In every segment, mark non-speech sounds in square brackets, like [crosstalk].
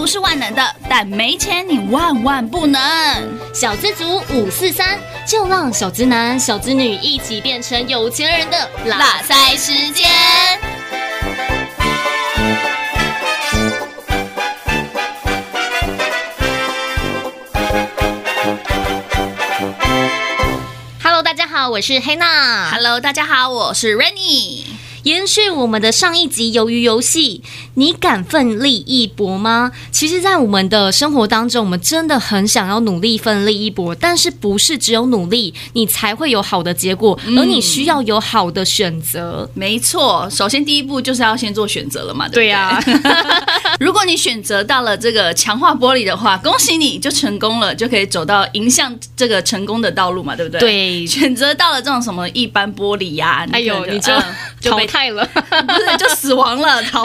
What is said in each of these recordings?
不是萬能的，但沒錢你萬萬不能。小資族五四三，就讓小資男、小資女一起變成有錢人的啦賽時間。Hello，大家好，我是 Hannah。Hello，大家好，我是 Raining。延續我們的上一集《魷魚遊戲》，你敢奮力一搏嗎？其實，在我們的生活當中，我們真的很想要努力奮力一搏，但是不是只有努力你才會有好的結果？而你需要有好的選擇。嗯、沒錯，首先第一步就是要先做選擇了嘛。對呀，對啊、 [laughs] [laughs] 如果你選擇到了這個強化玻璃的話，恭喜你就成功了，就可以走到迎向這個成功的道路嘛，對不對？對，選擇到了這種什麼一般玻璃呀、啊，哎呦，你就、呃、就被。淘汰了，不是，就死亡了，淘，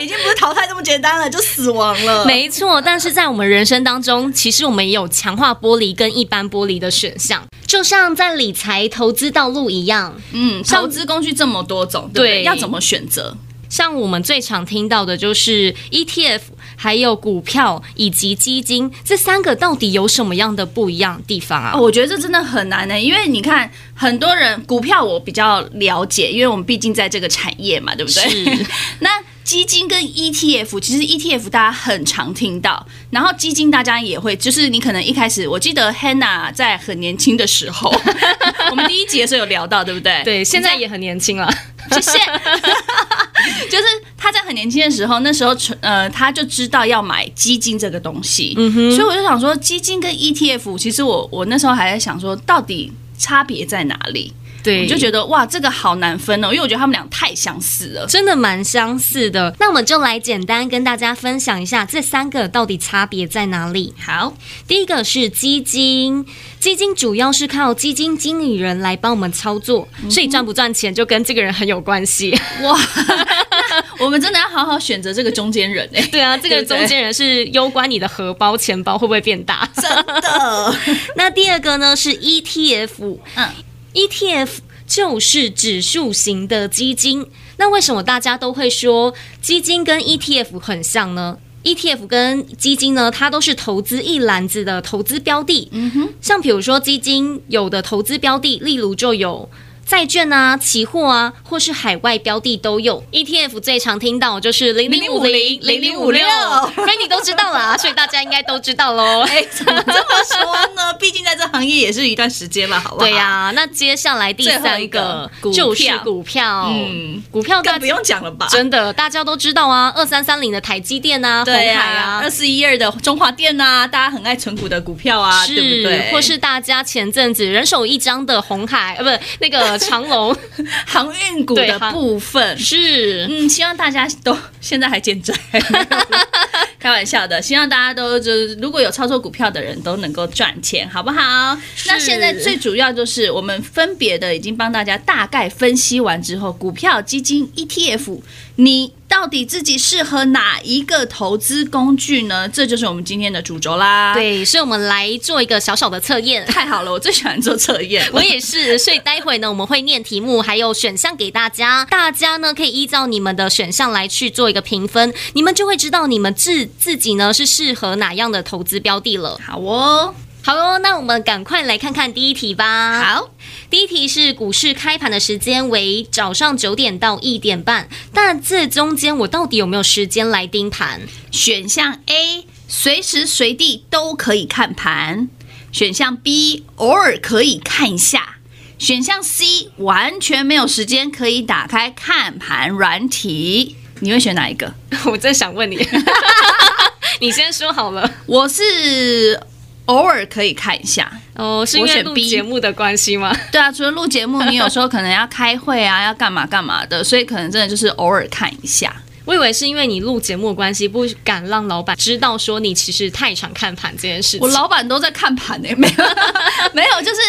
已經不是淘汰這麼簡單了，就死亡了。沒錯，但是在我們人生當中，其實我們也有強化玻璃跟一般玻璃的選項，就像在理財投資道路一樣，嗯，投資工具這麼多種，對，對，對，要怎麼選擇？像我們最常聽到的就是 ETF。還有股票以及基金這三個到底有什麼樣的不一樣地方啊？哦，我覺得這真的很難呢，因為你看，很多人股票我比較了解，因為我們畢竟在這個產業嘛，對不對？是。那基金跟 ETF 其實 ETF 大家很常聽到，然後基金大家也會，就是你可能一開始我記得 Hannah 在很年輕的時候， [laughs] 我們第一集的時候有聊到，對不對？對，現在也很年輕了，謝謝。 [laughs] [laughs] 就是他在很年輕的時候，那時候存呃，他就知道要買基金這個東西，嗯、哼所以我就想說，基金跟 ETF，其實我我那時候還在想說，到底差別在哪裡。對我就覺得哇，這個好難分哦，因為我覺得他們倆太相似了，真的蠻相似的。那我們就來簡單跟大家分享一下這三個到底差別在哪裡。好，第一個是基金，基金主要是靠基金經理人來幫我們操作，嗯、哼所以賺不賺錢就跟這個人很有關係。哇，我們真的要好好選擇這個中間人誒、欸。對啊，這個中間人是攸關你的荷包、錢包會不會變大？真的。那第二個呢是 ETF，嗯。ETF 就是指數型的基金，那為什麼大家都會說基金跟 ETF 很像呢？ETF 跟基金呢，它都是投資一籃子的投資標的。嗯哼，像比如說基金有的投資標的，例如就有。債券啊，期貨啊，或是海外標的都有。ETF 最常聽到就是零零五零、零零五六，這你都知道啦，所以大家應該都知道嘍。哎，怎麼這麼說呢？畢竟在這行業也是一段時間嘛，好不好？對呀，那接下來第三個，就是股票，嗯，股票更不用講了吧？真的，大家都知道啊，二三三零的台積電啊，鴻海啊，二四一二的中華電啊，大家很愛存股的股票啊，對不對？或是大家前陣子人手一張的鴻海，呃，不，那個。長隆 [laughs] 航運股的部分是，嗯，希望大家都現在還健在。 [laughs] 開玩笑的，希望大家都就是如果有操作股票的人都能夠賺錢，好不好？是那現在最主要就是我們分別的已經幫大家大概分析完之後，股票、基金、ETF，你到底自己適合哪一個投資工具呢？這就是我們今天的主軸啦。對，所以我們來做一個小小的測驗。太好了，我最喜歡做測驗， [laughs] 我也是。所以待會呢，我們會念題目，還有選項給大家， [laughs] 大家呢可以依照你們的選項來去做一個評分，你們就會知道你們自自己呢是適合哪樣的投資標的了？好哦，好哦，那我們趕快來看看第一題吧。好，第一題是股市開盤的時間為早上九點到一點半，但這中間我到底有沒有時間來盯盤？哦、選項 A，隨時隨地都可以看盤；選項 B，偶爾可以看一下；選項 C，完全沒有時間可以打開看盤軟體。你會選哪一個？我真想問你。 [laughs] 你先說好了，我是偶爾可以看一下，哦，是因為錄節目的關係嗎？對啊，除了錄節目，你有時候可能要開會啊，要幹嘛幹嘛的，所以可能真的就是偶爾看一下。我以為是因為你錄節目的關係，不敢讓老闆知道說你其實太常看盤這件事情。我老闆都在看盤呢、欸，沒有， [laughs] 沒有，就是。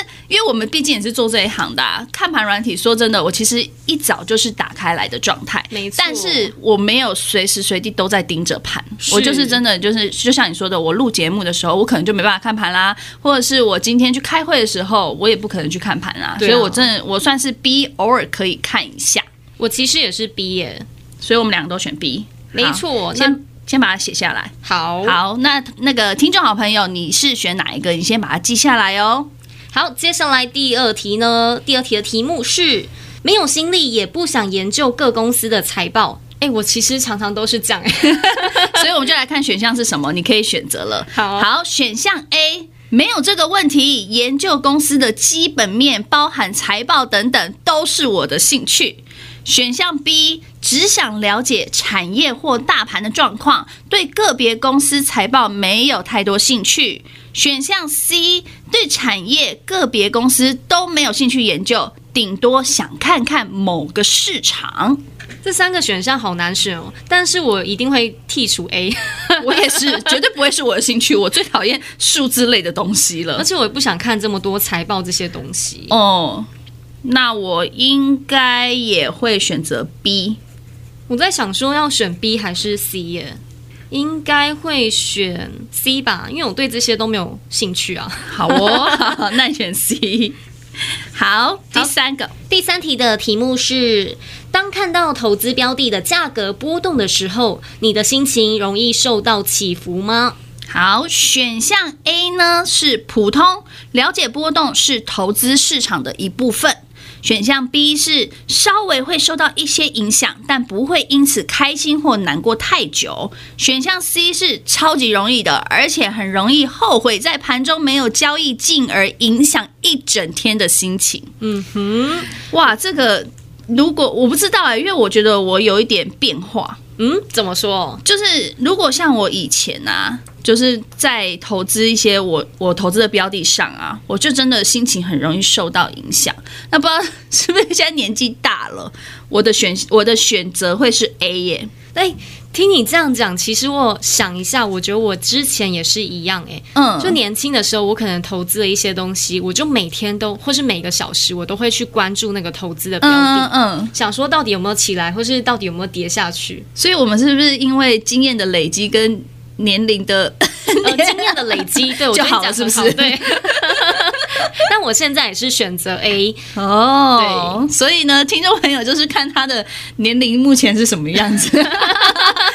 我們畢竟也是做這一行的啊，看盤軟體。說真的，我其實一早就是打開來的狀態，沒錯錯。但是我沒有隨時隨地都在盯着盤，是我就是真的就是，就像你說的，我錄節目的時候，我可能就沒辦法看盤啦；或者是我今天去開會的時候，我也不可能去看盤啦。啊、所以我真的，我算是 B，偶爾可以看一下。我其實也是 B 耶、欸，所以我們兩個都選 B，沒錯。那先，先把它寫下來。好好，那那個聽眾好朋友，你是選哪一個？你先把它記下來哦。好，接下來第二題呢？第二題的題目是沒有心力也不想研究各公司的財報。哎、欸，我其實常常都是這樣， [laughs] 所以我們就來看選項是什麼，你可以選擇了。好，好，選項 A 沒有這個問題，研究公司的基本面，包含財報等等，都是我的興趣。選項 B 只想了解產業或大盤的狀況，對個別公司財報沒有太多興趣。選項 C 對產業、個別公司都沒有興趣研究，頂多想看看某個市場。這三個選項好難選哦，但是我一定會剔除 A。 [laughs] 我也是，絕對不會是我的興趣。我最討厭數字類的東西了，而且我也不想看這麼多財報這些東西。哦。Oh. 那我應該也會選擇 B，我在想說要選 B 還是 C 耶，欸？應該會選 C 吧，因為我對這些都沒有興趣啊。好哦，那選 C。好，第三個第三題的題目是：當看到投資標的的價格波動的時候，你的心情容易受到起伏嗎？好，選項 A 呢是普通，了解波動是投資市場的一部分。選項 B 是稍微會受到一些影響，但不會因此開心或難過太久。選項 C 是超級容易的，而且很容易後悔在盤中沒有交易，進而影響一整天的心情。嗯哼，哇，這個如果我不知道啊，欸，因為我覺得我有一點變化。嗯，怎麼說？就是如果像我以前啊，就是在投資一些我我投資的標的上啊，我就真的心情很容易受到影響。那不知道是不是現在年紀大了，我的選我的選擇會是 A 耶。哎、欸，聽你這樣講，其實我想一下，我覺得我之前也是一樣、欸，哎，嗯，就年輕的時候，我可能投資了一些東西，我就每天都或是每個小時，我都會去關注那個投資的標的、嗯，嗯，想說到底有沒有起來，或是到底有沒有跌下去。所以，我們是不是因為經驗的累積跟年齡的、 [laughs] 呃，經驗的累積，對我好就好了，是不是？對。 [laughs] 但我現在也是選擇 A 哦，對，所以呢，聽眾朋友就是看他的年齡目前是什麼樣子，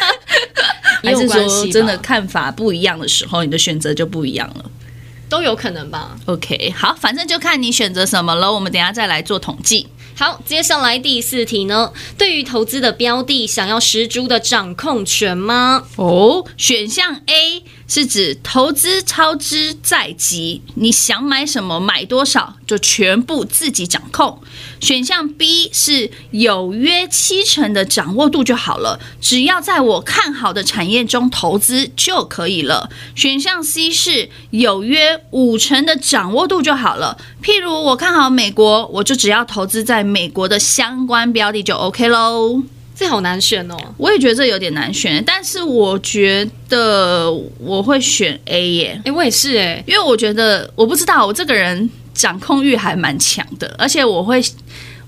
[laughs] 也還是說真的看法不一樣的時候，你的選擇就不一樣了，都有可能吧？OK，好，反正就看你選擇什麼了，我們等一下再來做統計。好，接下來第四題呢，對於投資的標的，想要十足的掌控權嗎？哦，選項 A。是指投資超支在即，你想買什麼買多少，就全部自己掌控。選項 B 是有約七成的掌握度就好了，只要在我看好的產業中投資就可以了。選項 C 是有約五成的掌握度就好了，譬如我看好美國，我就只要投資在美國的相關標的就 OK 嘍。這好難選哦，我也覺得這有點難選，但是我覺得我會選 A 耶。哎，我也是哎，因為我覺得我不知道，我這個人掌控欲還蠻強的，而且我會，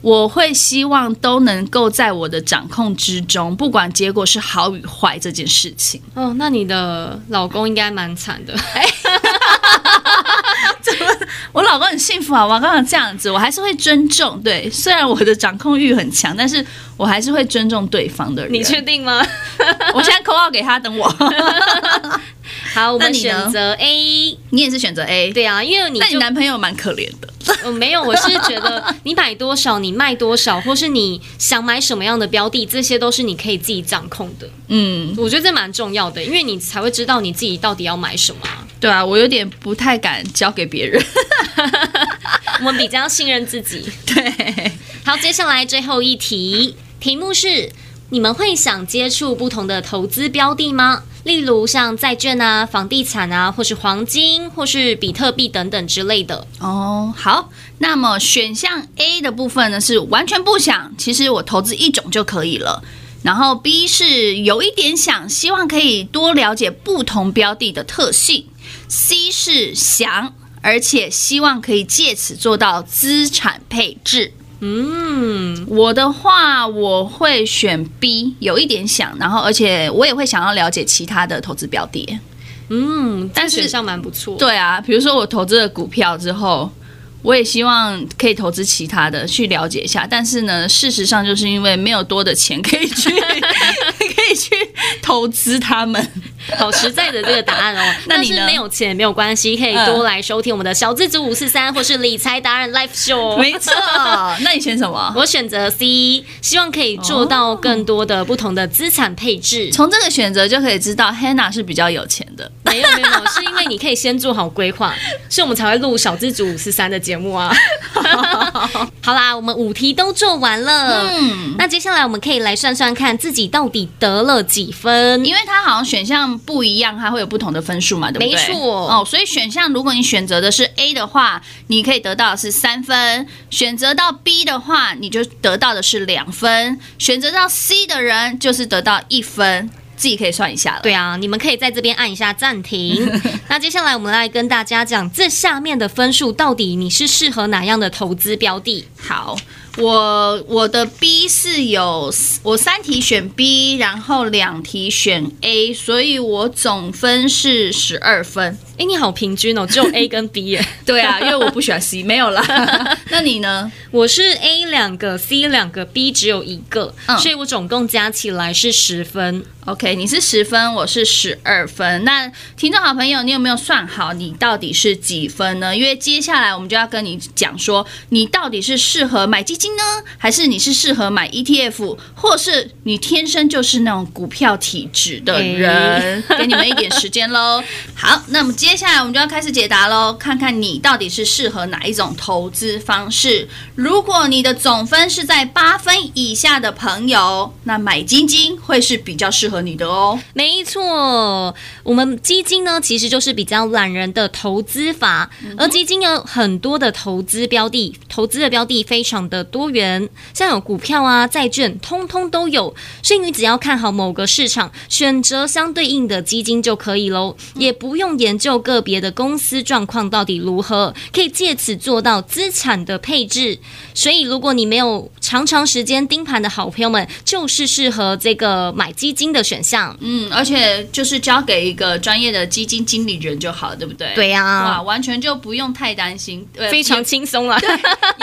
我會希望都能夠在我的掌控之中，不管結果是好與壞這件事情。哦，那你的老公應該蠻慘的。 [laughs] 我老公很幸福，啊，我剛剛這樣子，我還是會尊重。對，雖然我的掌控欲很強，但是我還是會尊重對方的人。你確定嗎？ [laughs] 我現在扣號給他，等我。 [laughs] 好，我們選擇 A 那你呢？你也是選擇 A。對啊，因為你那你男朋友蠻可憐的。 [laughs] 我沒有，我是覺得你買多少，你賣多少，或是你想買什麼樣的標的，這些都是你可以自己掌控的。嗯，我覺得這蠻重要的，因為你才會知道你自己到底要買什麼。對啊，我有點不太敢交給別人， [laughs] 我們比較信任自己。對，好，接下來最後一題，題目是：你們會想接觸不同的投資標的嗎？例如像債券啊、房地產啊，或是黃金，或是比特幣等等之類的。哦，好，那麼選項 A 的部分呢是完全不想，其實我投資一種就可以了。然後 B 是有一點想，希望可以多了解不同標的的特性。C 是想，而且希望可以借此做到資產配置。嗯，我的話我會選 B，有一點想，然後而且我也會想要了解其他的投資標的。嗯，但是選上蠻不錯。對啊，比如說我投資了股票之後。我也希望可以投資其他的，去了解一下。但是呢，事實上就是因為沒有多的錢可以去 [laughs] [laughs] 可以去投資他們。好實在的這個答案哦。 [laughs] 那你呢？但是沒有錢沒有關係，可以多來收聽我們的小資族五四三，或是理財達人 Live Show。沒錯，那你選什麼？ [laughs] 我選擇 C，希望可以做到更多的不同的資產配置。從、oh, 這個選擇就可以知道，Hannah 是比較有錢的。 [laughs] 沒有沒有，是因為你可以先做好規劃。所以我們才會錄《小資族543》的節目啊！ [laughs] [laughs] 好啦，我們五題都做完了。嗯，那接下來我們可以來算算看自己到底得了幾分，因為它好像選項不一樣，它會有不同的分數嘛，對不對？沒錯錯哦，所以選項如果你選擇的是 A 的話，你可以得到的是三分；選擇到 B 的話，你就得到的是兩分；選擇到 C 的人就是得到一分。自己可以算一下了。對啊，你們可以在這邊按一下暫停。 [laughs] 那接下來我們來跟大家講，這下面的分數到底你是適合哪樣的投資標的？好。我我的 B 是有我三題選 B，然後兩題選 A，所以我總分是十二分。哎，你好平均哦，只有 A 跟 B 耶。 [laughs] 對啊，因為我不喜歡 C， [laughs] 沒有了。 [laughs] [laughs] 那你呢？我是 A 兩個，C 兩個，B 只有一個，嗯、所以我總共加起來是十分。OK，你是十分，我是十二分。那聽眾好朋友，你有沒有算好你到底是幾分呢？因為接下來我們就要跟你講說，你到底是適合買基金。金呢？還是你是適合買 ETF，或是你天生就是那種股票體質的人？哎、 [laughs] 給你們一點時間嘍。好，那麼接下來我們就要開始解答嘍，看看你到底是適合哪一種投資方式。如果你的總分是在八分以下的朋友，那買基金會是比較適合你的哦。沒錯，我們基金呢其實就是比較懶人的投資法，而基金有很多的投資標的，投資的標的非常的。多元，像有股票啊、債券，通通都有。所以你只要看好某個市場，選擇相對應的基金就可以嘍，嗯、也不用研究個別的公司狀況到底如何，可以借此做到資產的配置。所以，如果你沒有長長時間盯盤的好朋友們，就是適合這個買基金的選項。嗯，而且就是交給一個專業的基金經理人就好了，對不對？對呀、哇，完全就不用太擔心，對，非常輕鬆了。對，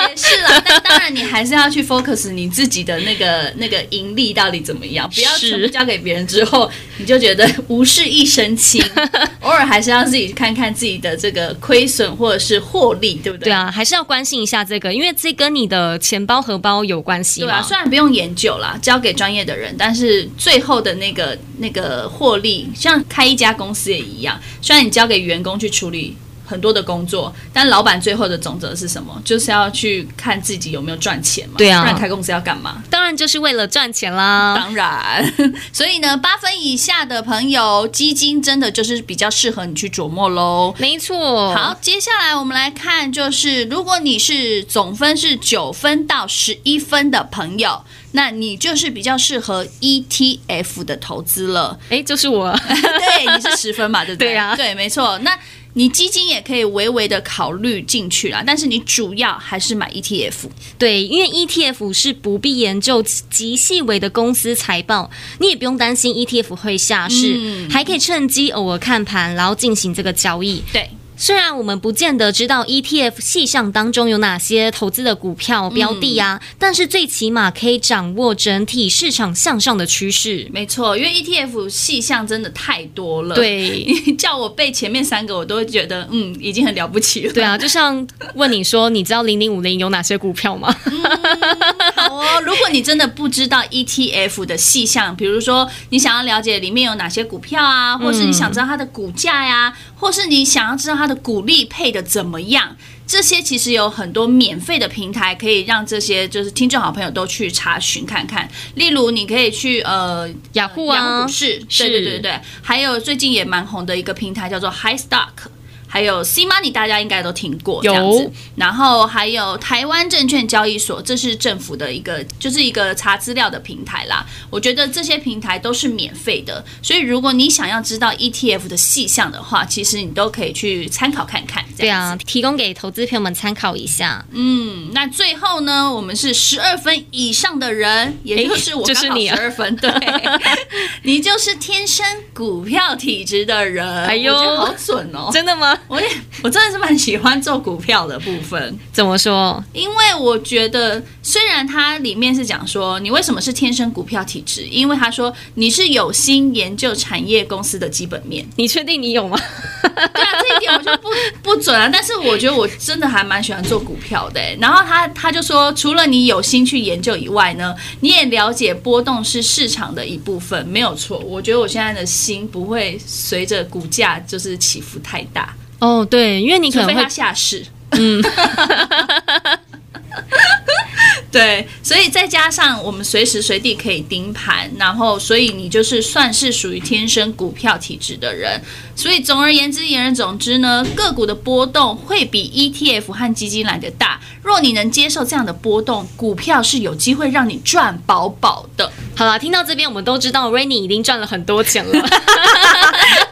也是啦。那 [laughs] 當然你。你還是要去 focus 你自己的那個那個盈利，到底怎麼樣？不要只是交給別人之後， [laughs] 你就覺得無事一身輕。 [laughs] 偶爾還是要自己看看自己的這個虧損或者是獲利，對不對？對啊，還是要關心一下這個，因為這跟你的錢包荷包有關係吧，對啊，雖然不用研究啦，交給專業的人，但是最後的那個那個獲利，像開一家公司也一樣，雖然你交給員工去處理。很多的工作，但老闆最後的總則是什麼？就是要去看自己有沒有賺錢嘛。對啊，不然開公司要幹嘛？當然就是為了賺錢啦。當然， [laughs] 所以呢，八分以下的朋友，基金真的就是比較適合你去琢磨嘍。沒錯錯。好，接下來我們來看，就是如果你是總分是九分到十一分的朋友，那你就是比較適合 ETF 的投資了。哎、欸，就是我， [laughs] [laughs] 對，你是十分嘛？對不對？對、啊、對，沒錯。那你基金也可以微微的考慮進去啦，但是你主要還是買 ETF，對，因為 ETF 是不必研究極細微的公司財報，你也不用擔心 ETF 會下市，嗯、還可以趁機偶爾看盤，然後進行這個交易，對。雖然我們不見得知道 ETF 細項當中有哪些投資的股票標的啊，嗯、但是最起碼可以掌握整體市場向上的趨勢。沒錯，因為 ETF 細項真的太多了。對，叫我背前面三個，我都會覺得嗯，已經很了不起了。對啊，就像問你說，你知道零零五零有哪些股票嗎？哈、嗯。哦，如果你真的不知道 ETF 的細項，比如說你想要了解裡面有哪些股票啊，或是你想知道它的股價呀、啊，嗯、或是你想要知道它。的股利配的怎麼樣？這些其實有很多免費的平台可以讓這些就是聽眾好朋友都去查詢看看。例如，你可以去呃雅虎啊，雅虎股市，對對對對。是還有最近也蠻紅的一個平台叫做 High Stock。還有 C Money，大家應該都聽過這樣子，有。然後還有台灣證券交易所，這是政府的一個，就是一個查資料的平台啦。我覺得這些平台都是免費的，所以如果你想要知道 ETF 的細項的話，其實你都可以去參考看看。這樣，啊，提供給投資朋友們參考一下。嗯，那最後呢，我們是十二分以上的人，也就是我剛好，欸，就是你十二分對。你就是天生股票體質的人。哎呦，好準哦，喔！真的嗎？我也我真的是蠻喜歡做股票的部分，怎麼說？因為我覺得雖然它裡面是講說你為什麼是天生股票體質，因為他說你是有心研究產業公司的基本面，你確定你有嗎？對啊，這一點我就不不準啊。但是我覺得我真的還蠻喜歡做股票的，哎。然後他他就說，除了你有心去研究以外呢，你也了解波動是市場的一部分，沒有錯。我覺得我現在的心不會隨着股價就是起伏太大。哦，oh, 對，因為你可能除非他下市，嗯， [laughs] [laughs] 對，所以再加上我們隨時隨地可以盯盤，然後，所以你就是算是屬於天生股票體質的人。所以總而言之，言而總之呢，個股的波動會比 ETF 和基金來得大。若你能接受這樣的波動，股票是有機會讓你賺飽飽的。好了，聽到這邊，我們都知道 Rainy 已經賺了很多錢了。 [laughs]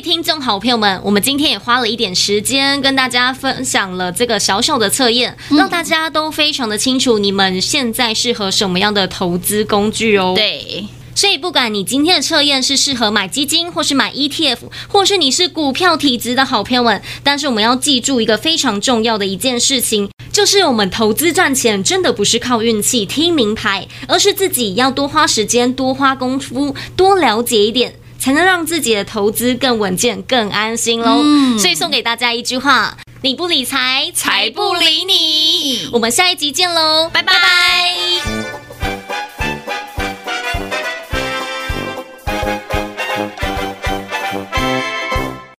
聽眾好，朋友們，我們今天也花了一點時間跟大家分享了這個小小的測驗，讓大家都非常的清楚你們現在適合什麼樣的投資工具哦。對，所以不管你今天的測驗是適合買基金，或是買 ETF，或是你是股票體質的好朋友們，但是我們要記住一個非常重要的一件事情，就是我們投資賺錢真的不是靠運氣、聽名牌，而是自己要多花時間、多花功夫、多了解一點。才能讓自己的投資更穩健、更安心嘍。嗯，所以送給大家一句話：你不理財，財不理你。我們下一集見嘍，拜拜。拜拜。